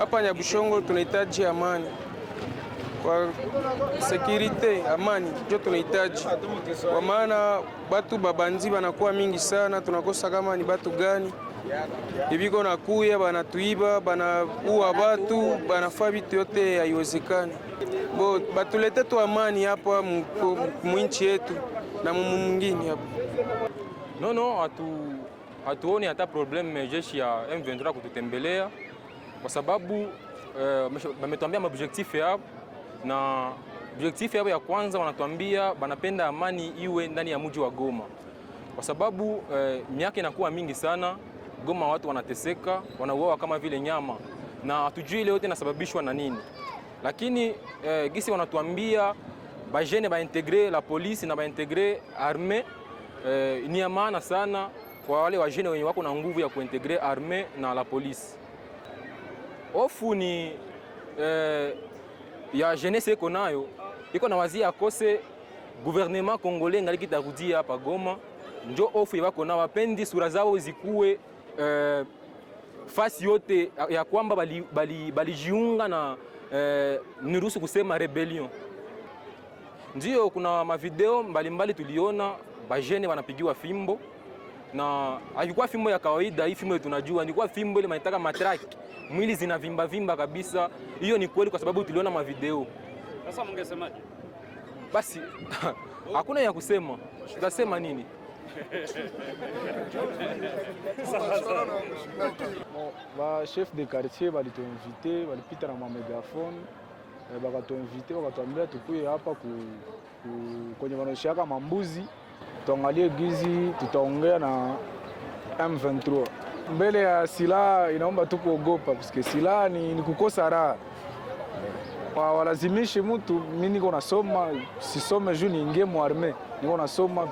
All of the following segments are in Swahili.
hapa Nyabushongo tunahitaji amani kwa sekirite, amani ndio tunahitaji, kwa maana batu babanzi banakuwa mingi sana, tunakosa kama ni batu gani iviko nakuya banatuiba banaua batu banafaa vitu yote haiwezekani. Bo batulete tu amani hapa mwinchi yetu na mumu mwingine hapa nono, hatuoni hatu hata probleme jeshi ya M23 kututembelea kwa sababu eh, wametuambia uh, maobjektifu yao na objektifu yao ya kwanza wanatuambia wanapenda amani iwe ndani ya mji wa Goma kwa sababu uh, miaka inakuwa mingi sana Goma, watu wanateseka, wanauawa kama vile nyama na hatujui ile yote inasababishwa na nini, lakini uh, gisi wanatuambia bajene baintegre la polisi na baintegre arme uh, ni ya maana sana kwa wale wajene wenye wako na nguvu ya kuintegre arme na la polisi Hofu ni eh, ya jeunesse iko nayo, iko na wazia akose gouvernement congolais ngaliki tarudia hapa Goma, njo hofu yako na wapendi sura zao zikuwe eh, fasi yote ya kwamba balijiunga bali, bali na eh, niruhusu kusema rebellion. Ndiyo kuna mavideo mbalimbali tuliona bajene wanapigiwa fimbo na alikuwa fimbo ya kawaida. Hii fimbo tunajua nilikuwa fimbo ile manitaka matraki, mwili zina vimba vimba kabisa. Hiyo ni kweli, kwa sababu tuliona mavideo. Sasa mngesemaje? Basi hakuna ya kusema, tutasema nini? ba chef de quartier balituinvite, walipita na mamegafone eh, bakatuinvite, bakatuambia tukuye hapa kwenye wanaoshiaka mambuzi tuangalie gizi tutaongea na M23 mbele ya silaha. Inaomba tu kuogopa paske silaha ni, ni kukosa raha walazimishi mtu. Mimi niko nasoma, sisome juu niingie muarme, niko nasoma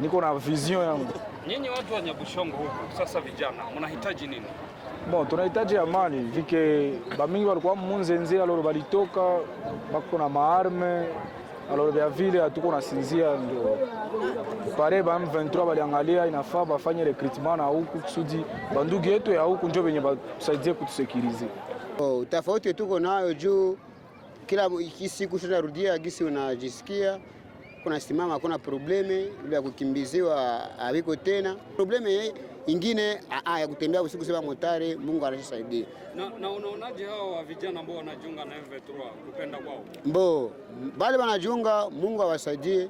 niko na vision yangu. Nyinyi watu wa Nyabushongo huko sasa, vijana mnahitaji nini? Bon, tunahitaji amani vike bamingi walikuwa munzenze aloro balitoka bako na maarme alors vya vile hatuko nasinzia, ndio pare ba M23 baliangalia inafaa bafanye recruitment na huku kusudi bandugu yetu ya huku ndio benye basaidie kutusekirize. Oh, tofauti tuko nayo euh, juu kila siku tunarudia gisi unajisikia kuna simama, kuna probleme ya kukimbiziwa, haviko tena probleme ingine aa, ah, ah, ya kutembea usiku sema motare. Mungu anasaidia. Na, na unaonaje hao wa vijana ambao wanajiunga na MV3 kupenda kwao mbo bali wanajiunga, Mungu awasaidie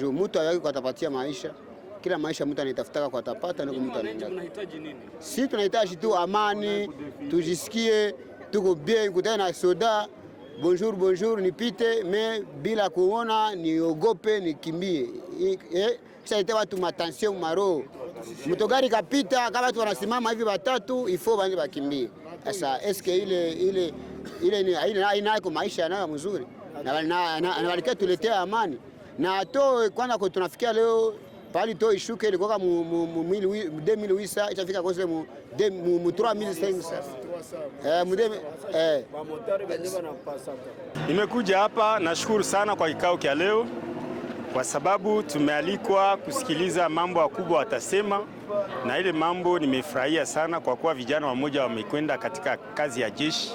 juu mtu awaki kwa maisha kila maisha mtu anaitafutaka kwa tapata na mtu anaenda. Tunahitaji nini? Sisi tunahitaji tu amani, tujisikie tuko bien, kutana na soda bonjour bonjour, nipite me bila kuona niogope, nikimbie. Eh, sasa itawa tu matension maro mtogari kapita, kama watu wanasimama hivi watatu, ifo banje bakimbie. Sasa eske ile ile ile ni aina yako maisha yanayo mzuri na na walikaa tuletea amani na to kwanza, kwa tunafikia leo pali to ishuke ile kwa mwili mu mwili wisa itafika kwa mu mu 3500 eh mde eh. Nimekuja hapa nashukuru sana kwa kikao kia leo kwa sababu tumealikwa kusikiliza mambo makubwa watasema, na ile mambo nimefurahia sana, kwa kuwa vijana wamoja wamekwenda katika kazi ya jeshi,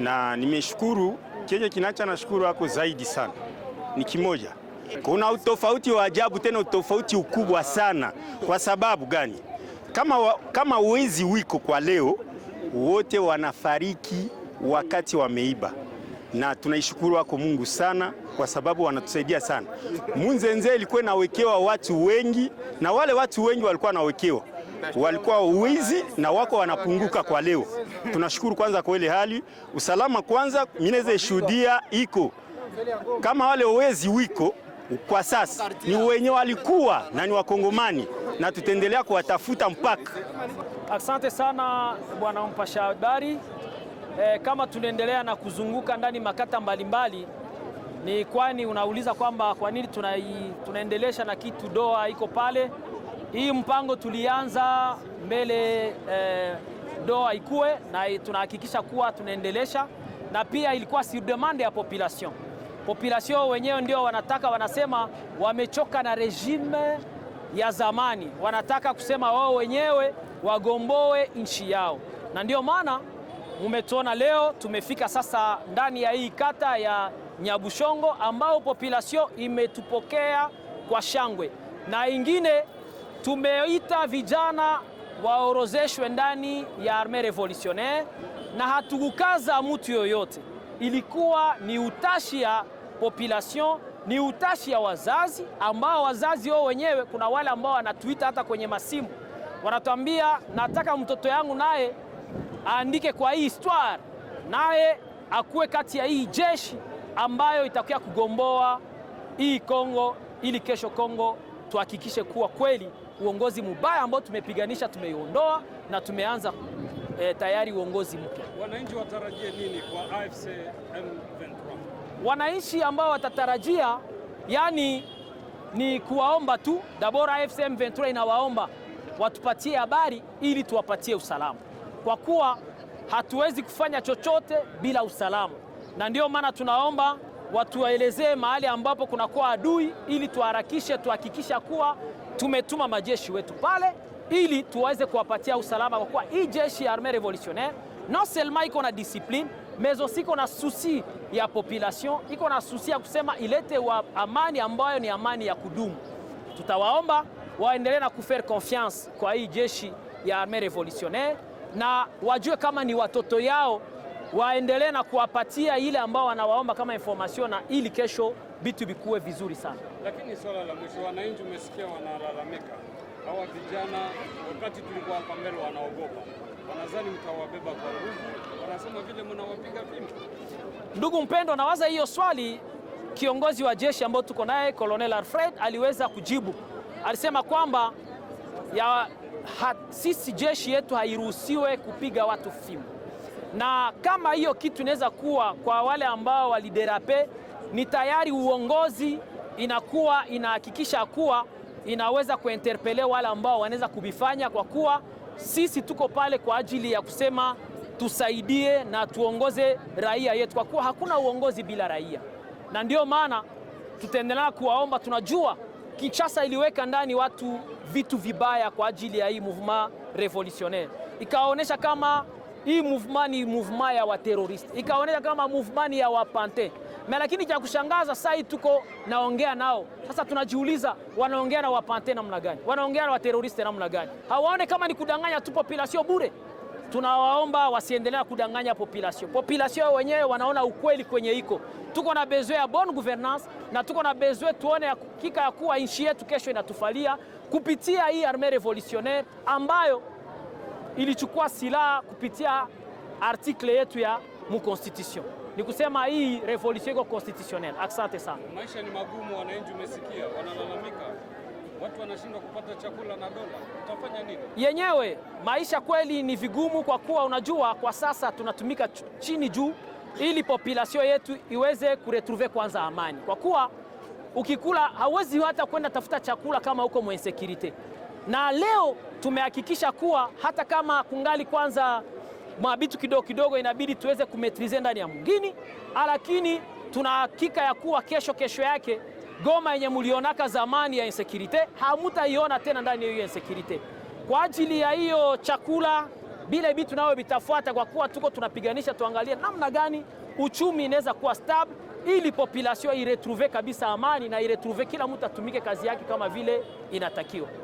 na nimeshukuru. Kenye kinacha nashukuru hako zaidi sana ni kimoja, kuna utofauti wa ajabu, tena utofauti ukubwa sana. Kwa sababu gani? Kama, wa, kama wezi wiko kwa leo wote wanafariki wakati wameiba, na tunaishukuru wako Mungu sana kwa sababu wanatusaidia sana. Munzenze ilikuwa inawekewa watu wengi, na wale watu wengi walikuwa nawekewa walikuwa uwizi na wako wanapunguka kwa leo. Tunashukuru kwanza kwa ile hali usalama kwanza, naweza ishuhudia iko kama wale uwezi wiko kwa sasa ni wenye walikuwa na ni Wakongomani na tutaendelea kuwatafuta mpaka. Asante sana bwana mpasha habari. E, kama tunaendelea na kuzunguka ndani makata mbalimbali mbali ni kwani unauliza kwamba kwa nini tunaendelesha na kitu doa iko pale. Hii mpango tulianza mbele eh, doa ikue na tunahakikisha kuwa tunaendelesha, na pia ilikuwa si demande ya population. Population wenyewe ndio wanataka, wanasema wamechoka na regime ya zamani, wanataka kusema wao wenyewe wagomboe nchi yao, na ndio maana mumetuona leo tumefika sasa ndani ya hii kata ya Nyabushongo ambao population imetupokea kwa shangwe, na ingine tumeita vijana waorozeshwe ndani ya arme revolutionnaire, na hatukukaza mtu yoyote, ilikuwa ni utashi ya population, ni utashi ya wazazi, ambao wazazi wao wenyewe kuna wale ambao wanatuita hata kwenye masimu, wanatuambia nataka mtoto yangu naye aandike kwa hii histoire, naye akuwe kati ya hii jeshi ambayo itakuya kugomboa hii Kongo ili kesho Kongo tuhakikishe kuwa kweli uongozi mubaya ambao tumepiganisha tumeiondoa na tumeanza e, tayari uongozi mpya. Wananchi watarajie nini kwa AFC M23? Wananchi ambao watatarajia yani ni kuwaomba tu dabora, AFC M23 inawaomba watupatie habari ili tuwapatie usalama, kwa kuwa hatuwezi kufanya chochote bila usalama na ndio maana tunaomba watuelezee mahali ambapo kunakuwa adui, ili tuharakishe, tuhakikisha kuwa tumetuma majeshi wetu pale, ili tuweze kuwapatia usalama, kwa kuwa hii jeshi ya armee revolutionnaire non seulement iko na discipline mais aussi iko na susi ya population, iko na susi ya kusema ilete wa amani ambayo ni amani ya kudumu. Tutawaomba waendelee na kufaire confiance kwa hii jeshi ya armee revolutionnaire na wajue kama ni watoto yao waendelee na kuwapatia ile ambao wanawaomba kama information, na ili kesho vitu vikuwe vizuri sana. Lakini swala la mwisho, wananchi umesikia wanalalamika, hawa vijana wakati tulikuwa hapa mbele wanaogopa, wanazani mtawabeba kwa nguvu, wanasema vile mnawapiga fimbo. Ndugu mpendwa, nawaza hiyo swali kiongozi wa jeshi ambao tuko naye Colonel Alfred aliweza kujibu, alisema kwamba ya, ha, sisi jeshi yetu hairuhusiwe kupiga watu fimbo na kama hiyo kitu inaweza kuwa kwa wale ambao waliderape, ni tayari uongozi inakuwa inahakikisha kuwa inaweza kuinterpele wale ambao wanaweza kuvifanya, kwa kuwa sisi tuko pale kwa ajili ya kusema tusaidie na tuongoze raia yetu, kwa kuwa hakuna uongozi bila raia, na ndio maana tutaendelea kuwaomba. Tunajua Kinshasa iliweka ndani watu vitu vibaya kwa ajili ya hii mouvement revolutionnaire, ikaonyesha kama hii movement movement ya waterorist ikaoneka kama movement ya wapante na, lakini cha kushangaza sai tuko naongea nao sasa, tunajiuliza wanaongea na wapante namna gani? Wanaongea na wateroriste namna gani? Hawaone kama ni kudanganya tu population bure. Tunawaomba wasiendelea kudanganya population. Population wenyewe wanaona ukweli kwenye iko. Tuko na besoin ya bonne gouvernance na tuko na besoin tuone hakika ya kuwa nchi yetu kesho inatufalia kupitia hii armee révolutionnaire ambayo ilichukua silaha kupitia artikle yetu ya mu constitution. Ni kusema hii revolution iko constitutionnel. Asante sana. Maisha ni magumu, wananchi umesikia, wanalalamika, watu wanashindwa kupata chakula na dola, utafanya nini? Yenyewe maisha kweli ni vigumu, kwa kuwa unajua, kwa sasa tunatumika chini juu, ili population yetu iweze kuretrouver kwanza amani, kwa kuwa ukikula hauwezi hata kwenda tafuta chakula kama uko mwensekirite na leo tumehakikisha kuwa hata kama kungali kwanza mabitu kidogo kidogo, inabidi tuweze kumetrize ndani ya mgini, lakini tuna hakika ya kuwa kesho kesho yake Goma yenye mulionaka zamani ya insecurite hamutaiona tena ndani ya hiyo Kwa ajili ya hiyo chakula bila bitu nayo vitafuata, kwa kuwa tuko tunapiganisha, tuangalie namna gani uchumi inaweza kuwa stable ili population iretrouve kabisa amani na iretrouve kila mtu atumike kazi yake kama vile inatakiwa.